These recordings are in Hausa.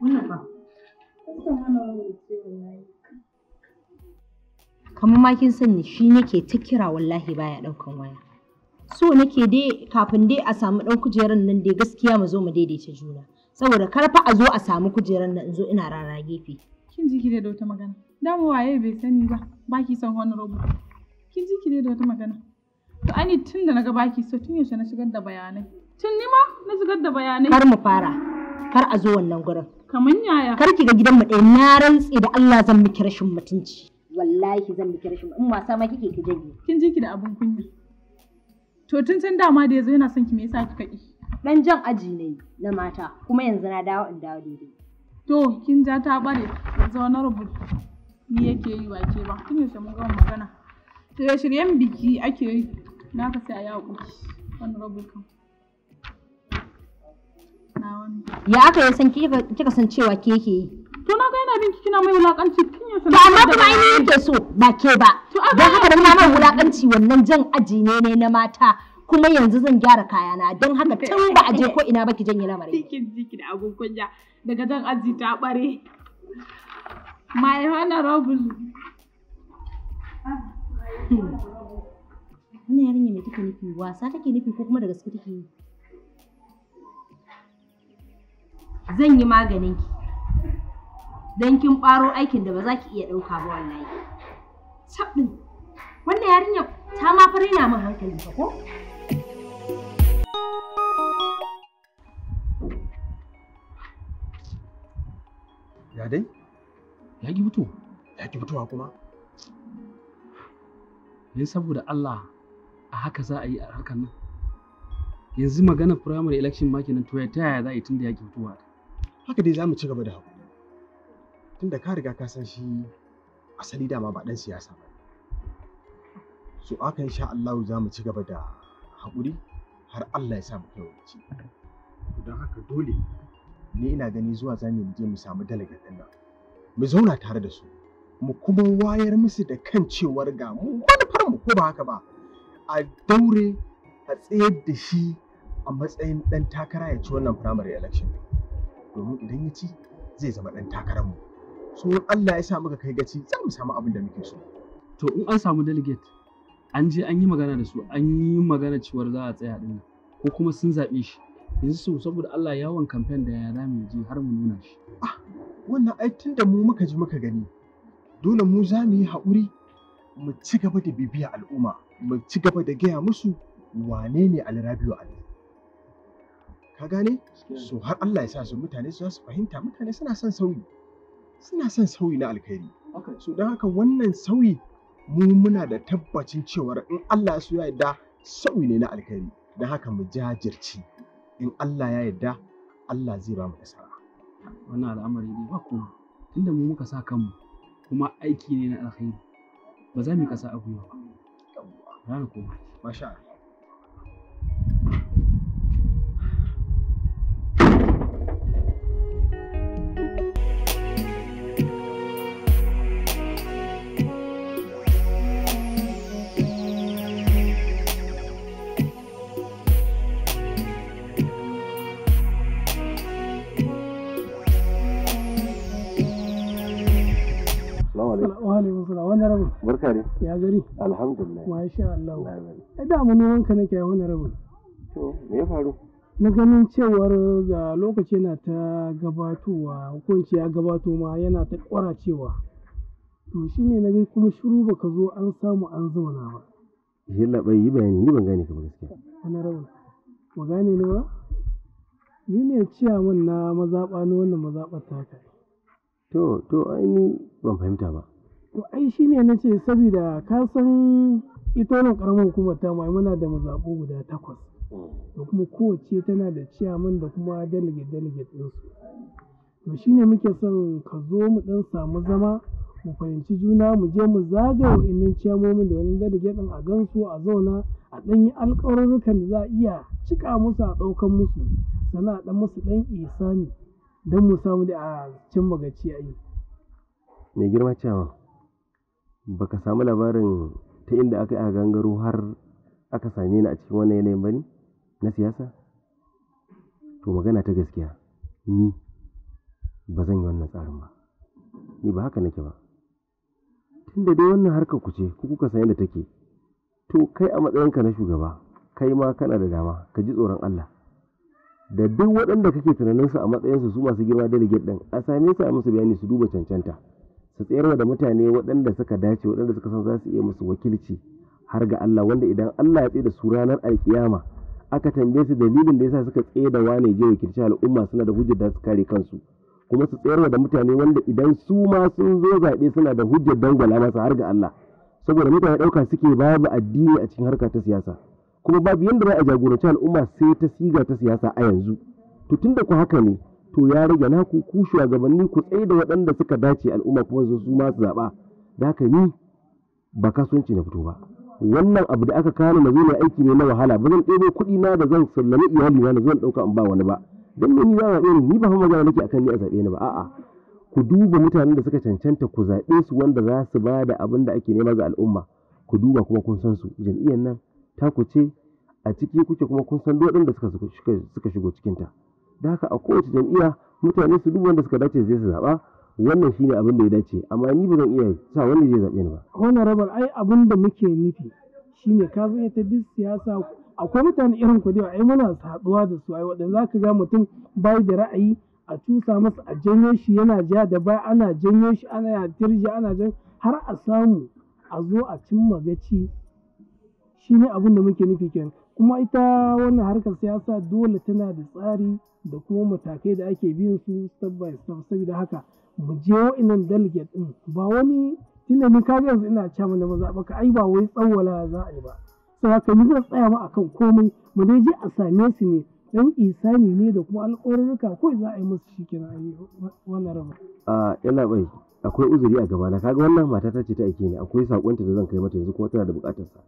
Wannan ba. Fuskar hana wani. kamar ma kin sani shi nake ta kira wallahi baya ɗaukan waya so nake dai kafin dai a samu ɗan kujeran nan dai gaskiya mu zo mu daidaita juna saboda kar fa a zo a samu kujeran nan in zo ina rara gefe kin ji ki da wata magana dama waye bai sani ba baki son honorable kin ji ki da wata magana to ani tun da naga baki so tun yaushe na shigar da bayanai tun ni ma na shigar da bayanai kar mu fara kar a zo wannan gurin kamar yaya kar ki ga gidan mu ɗaya na rantsi da Allah zan miki rashin mutunci wallahi zan miki rashin in wasa ma kike ki jage kin ji ki da abun kunya to tun can dama da yazo yana son ki me yasa kika ki dan jan aji ne na mata kuma yanzu na dawo in dawo daidai to kin ja ta bare yanzu na rubutu ni yake yi wace ba kin yaushe mun ga magana to ya shiryen biki ake yi na ka sai a yawo wannan rubutu ya aka yi san kika san cewa ke ke yi abin kina mai wulakanci tun ya sanar. To amma kuma ai ni nake so ba ke ba. Don haka da kuma mai wulakanci wannan jan aji ne ne na mata kuma yanzu zan gyara kayana don haka tun ba a je ko ina ba ki janye lamarin. Cikin jiki da abun kunya daga jan aji ta bare. My honorable. Wannan yarinya me take nufi wasa take nufi ko kuma da gaske take yi? Zan yi maganin ki. don kin ɓaro aikin da ba za ki iya ɗauka ba wallahi. Sabɗin, wannan yarinya ta ma fara yana min hankali ba ko? Ya dai? Ya ki fito? Ya ki fitowa kuma? Ni saboda Allah a haka za a yi a hakan nan. Yanzu magana primary election ma kenan to ta yaya za a yi tun da ya ki fitowa? Haka dai za mu ci gaba da haƙuri. tunda ka riga ka san shi asali dama ba ɗan siyasa ba so aka insha Allah za mu ci gaba da haƙuri har Allah ya sa mu kai don haka dole ne ina gani zuwa za mu je mu samu delegate din nan mu zauna tare da su mu kuma wayar musu da kan cewar ga mu manufar mu ko ba haka ba a daure a tsayar da shi a matsayin ɗan takara ya ci wannan primary election domin idan ya ci zai zama ɗan takararmu. mu so in Allah ya sa muka kai gaci za mu samu abin da muke so to in an samu delegate an je an yi magana da su an yi magana cewar za a tsaya din ko kuma sun zaɓe shi yanzu su saboda Allah yawon kamfen da ya mu je har mu nuna shi ah wannan ai tun da mu muka ji muka gani dole mu za mu yi haƙuri mu ci gaba da bibiya al'umma mu ci gaba da gaya musu wane ne alrabiu ali ka gane so har Allah ya sa su mutane su fahimta mutane suna son sauyi suna son sauyi na alkhairi so don haka wannan sauyi mu muna da tabbacin cewar in Allah ya so ya yarda sauyi ne na alkhairi don haka mu jajirce in Allah ya yarda Allah zai ba mu nasara wannan al'amari ne ba kuma tunda mu muka sa kanmu kuma aiki ne na alkhairi ba za mu kasa abu ba. Ranar koma. Masha Allah. assalamu alaikum wa alaikum salam wani rabin? barka ne ya gari alhamdulillah sha Allah mu na ganin cewar ga lokaci yana ta gabatowa hukunci ya gabato ma yana ta to na kuma shiru baka zo an samu an zauna ba yalla bai yi bayani ni ban gane ka ba gaskiya ba gane ni ba ni ne ciyaman na mazaɓa ni wannan mazaɓar taka To, to ai ni ban fahimta ba. To ai shi ne na ce saboda ka san ita wannan karamar kuma ta mai muna da mazaɓu guda takwas. Mm. Da kuma kowace tana da ciyaman da kuma delegate delegate ɗinsu. To shi ne muke son ka zo mu ɗan samu zama mu fahimci juna mu je mu zagaya wa'innan ciyamomin da wani delegate ɗin a gansu a zauna a ɗan yi alƙawarurrukan da za a iya cika musu a ɗaukan musu sannan a ɗan musu ɗan isa ne. don mu samu da a cimma magaci a yi mai girma cewa baka samu labarin ta inda aka yi a gangaro har aka same ni a cikin wannan yanayin ba ne na siyasa to magana ta gaskiya ni ba zan yi wannan tsarin ba ni ba haka nake ba tunda dai wannan harkar ku ce ku kuka san yadda take to kai a matsayinka na shugaba kai ma kana da dama ka ji tsoron Allah da duk waɗanda kake tunanin su a matsayinsu su masu girma delegate ɗin a same su a musu bayani su duba cancanta su tsayarwa da mutane waɗanda suka dace waɗanda suka san za su iya musu wakilci har ga Allah wanda idan Allah ya tsaye da su ranar alkiyama aka tambaye su dalilin da yasa suka tsaye da wane je wakilci al'umma suna da hujjar da su kare kansu kuma su tsayarwa da mutane wanda idan su ma sun zo zaɓe suna da hujjar dangwala masa har ga Allah saboda mutane ɗauka suke babu addini a cikin harka ta siyasa kuma babu yadda za a jagoranci al'umma sai ta siga ta siyasa a yanzu to tunda ku haka ne to ya rage naku ku shugabanni ku tsaye da waɗanda suka dace al'umma kuma su su masu zaɓa da haka ni ba kasuwanci na fito ba wannan abu da aka kawo na zo ne aiki ne na wahala ba zan ɗebo kuɗi na da zan sallami iyali na na zo ɗauka in ba wani ba dan me ni za a zaɓe ni ba fa magana nake kan ni a zaɓe ni ba a'a ku duba mutanen da suka cancanta ku zaɓe su wanda za su ba da abin da ake nema ga al'umma ku duba kuma kun san su jam'iyyar nan ta ku ce a ciki kuke kuma kun san duk da suka shigo cikinta da haka a kowace jam'iyya mutane su duk wanda suka dace zai su zaba wannan shine abin da ya dace amma ni ba zan iya sa wanda zai zaɓe ni ba wannan rabar ai abin da muke nufi shine ka zo ta duk siyasa akwai mutane irin ku da ai muna saduwa da su ai waɗanda zaka ga mutum bai da ra'ayi a tusa masa a janyo shi yana ja da ba ana janyo shi ana ya tirja ana janyo har a samu a zo a cimma gaci shine abin da muke nufi kenan kuma ita wannan harkar siyasa dole tana da tsari da kuma matakai da ake bin su step by step saboda haka mu je wa'innan delegate din ba wani tunda ni ka yanzu ina cewa na maza ka ai ba wai tsawwala za a yi ba sai haka ni zan tsaya ma akan komai mu dai je a same su ne dan isani ne da kuma alƙawarruka ko za a yi musu shi kenan wannan raba a yana bai akwai uzuri a gabana kaga wannan mata ta ce ta aike ne akwai sakonta da zan kai mata yanzu kuma tana da buƙatar sa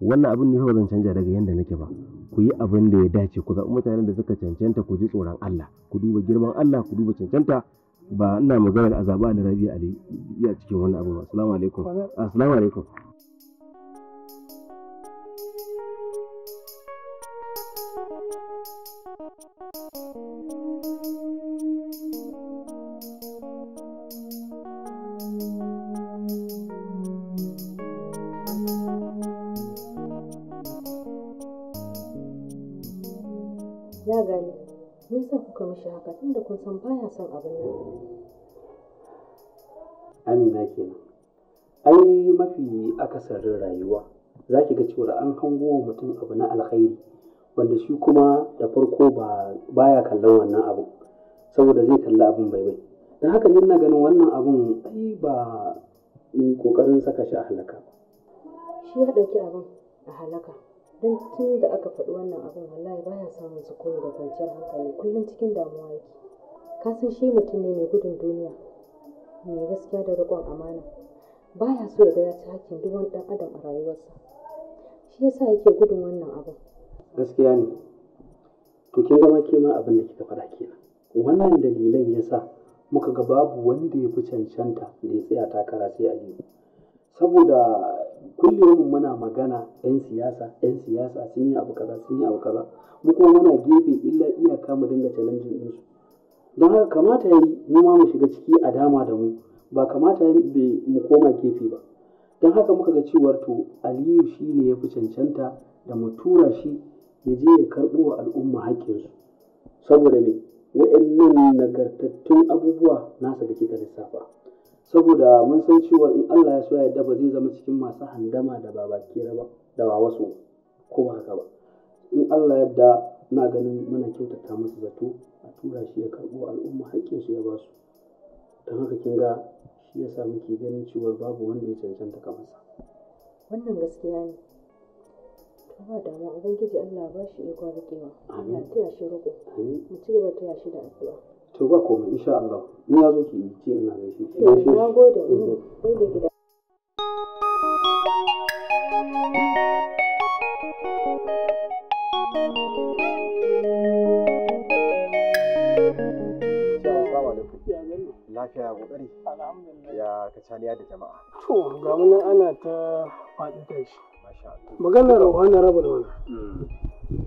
wannan abin ne fa zan canja daga yanda nake ba ku yi abin da ya dace ku zaɓi mutanen da suka cancanta ku ji tsoron Allah ku duba girman Allah ku duba cancanta ba ina magana maganar azaba da rabi ali iya cikin wannan abu assalamu alaikum alaikum Na gani, me yasa kuka mishi haka tunda kun san baya son abin nan. Amina kenan. Ai mafi akasarin rayuwa za ki ga cewa an hango mutum abu na alkhairi wanda shi kuma da farko ba baya kallon wannan abu saboda zai kalli abin bai bai. Don haka ne na ganin wannan abun ai ba ni kokarin saka shi a halaka. Shi ya ɗauki abin a halaka. don tun da aka faɗi wannan abin wallahi baya samun sukuni da kwanciyar hankali kullum cikin damuwa yake ka san shi mutum ne mai gudun duniya mai gaskiya da riƙon amana baya so ya ga ya ci hakkin duk wani ɗan adam a rayuwarsa shi yasa yake gudun wannan abin gaskiya ne to kin gama ke ma abin da kika faɗa kenan wannan dalilan yasa muka ga babu wanda ya fi cancanta da ya tsaya takara sai aliyu saboda kullum muna magana 'yan siyasa 'yan siyasa sun yi abu kaza sun yi abu kaza mu kuma muna gefe illa iyaka mu dinga challenge din su don haka kamata yi mu ma mu shiga ciki a dama da mu ba kamata yi mu koma gefe ba don haka muka ga cewar to aliyu shi ne ya fi cancanta da mu tura shi ya je ya karɓo wa al'umma haƙƙinsu saboda me wa'annan nagartattun abubuwa nasa da kika lissafa saboda mun san cewa in Allah ya so ya yarda ba zai zama cikin masu handama da babakera ba da ba wasu ko ba haka ba in Allah ya yarda na ganin muna kyautata musu zato a tura shi ya karbo al'umma haƙƙinsu ya ba su don haka kin ga shi yasa muke ganin cewa babu wanda ya cancanta kamar sa wannan gaskiya ne to ba damuwa ubangiji Allah ba shi ikon riƙewa Allah taya shi roƙo mu ci gaba taya shi da addu'a to ba komai insha Allah in ya zo ki ce ina gaishe ki eh, na gode mm-hmm. gode gida lafiya kokari ya da jama'a to ga mun ana ta faɗi tashi maganar ruhana raba wani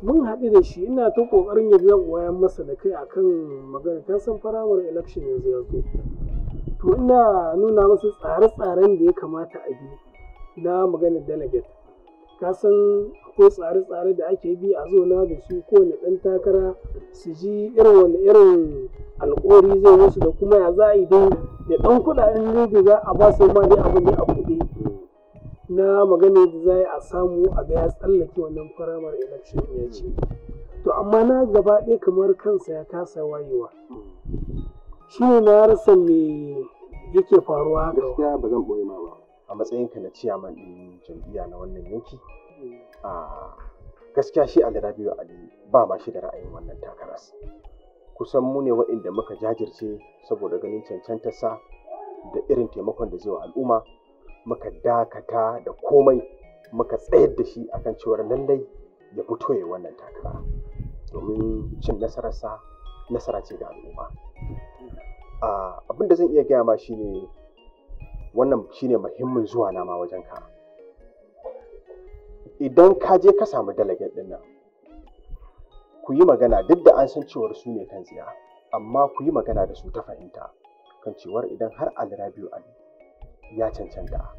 mun haɗu da shi ina ta ƙoƙarin ya zan wayan masa da kai akan magana ta san faramar election yanzu ya zo to ina nuna masa tsare-tsaren da ya kamata a bi na maganar delegate ka san ko tsare-tsare da ake bi a zona da su kowane ɗan takara su ji irin wani irin alƙori zai musu da kuma ya za a yi dai da ɗan kuɗaɗen ne da za a ba su ma dai abin da abu na magana da za a samu a ga ya tsallake wannan firamar election ya ce to amma na gaba ɗaya kamar kansa ya kasa wayewa shi ne na rasa me yake faruwa haka gaskiya ba zan boye ma ba a matsayin ka na ciyaman ɗin jam'iyya na wannan yanki a gaskiya shi Ali biyu Ali ba ma shi da ra'ayin wannan takaras kusan mu ne waɗanda muka jajirce saboda ganin sa, da irin taimakon da zai wa al'umma muka dakata da komai muka tsayar da shi akan cewar lallai ya fito ya wannan takara domin cin nasarar nasararsa nasara ce ga al'umma abin da zan iya gaya ma shine wannan shine muhimmin zuwa nama wajen ka idan ka je ka samu delegate din nan ku yi magana duk da an san cewar su ne kan tsiya amma ku yi magana da su ta fahimta kan cewar idan har alrabiu ali ya cancanta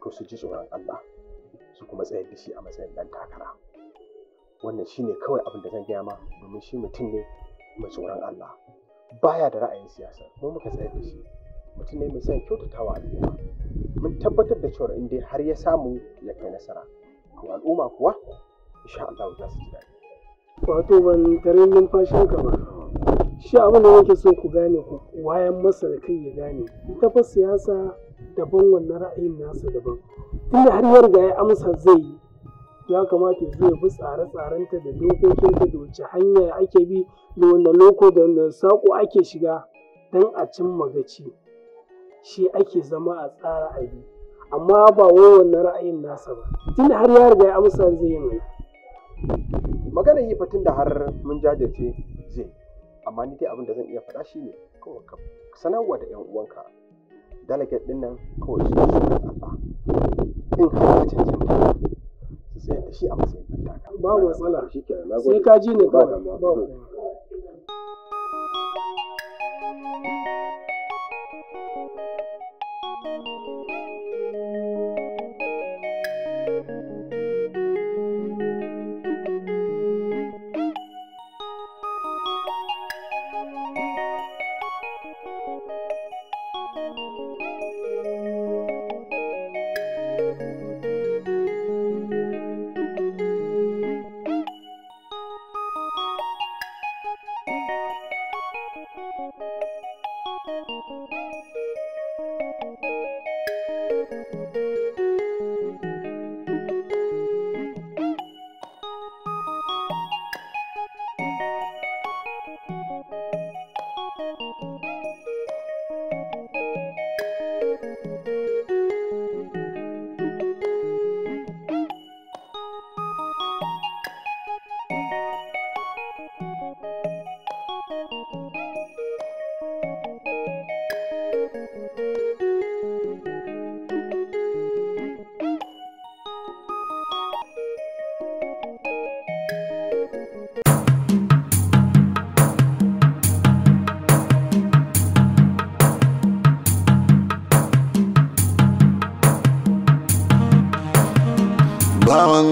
ko su ji tsoron Allah su kuma tsayar da shi a matsayin ɗan takara wannan shine kawai abin da zan gaya ma domin shi mutum ne mai tsoron Allah baya da ra'ayin siyasa kuma muka tsayar da shi mutum ne mai son kyautatawa al'umma mun tabbatar da cewa in dai har ya samu ya kai nasara to al'umma kuwa insha Allah za su ji daɗi wato ban tare numfashin ka ba shi abin da nake so ku gane ku wayan masa da kai ya gane ita fa siyasa daban wannan ra'ayin nasa daban tunda har yau ga ya amsa zai yi ya kamata zai bi tsare-tsarenta da dokokin dokokinta da wace hanya ake bi da wanda loko da wanda saƙo ake shiga don a cimma gaci shi ake zama a tsara a bi amma ba wai wannan ra'ayin nasa ba tunda har yau ga ya amsa zai yi mai magana yi fatin da har mun jajirce zai amma ni dai abin da zan iya faɗa shi ne kawai sanarwa da 'yan uwanka delegate din nan kawai shi su karɓa in har ya cancanta su sayar da shi a matsayin ɗan Ba matsala. Shi Sai ka ji ne ba ba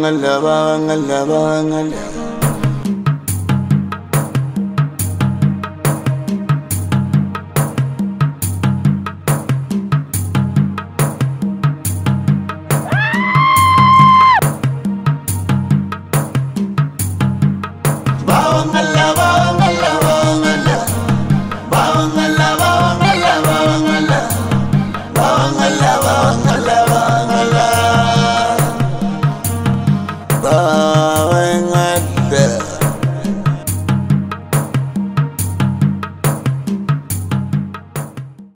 நல்லவாங்க நல்லவாங்க நல்ல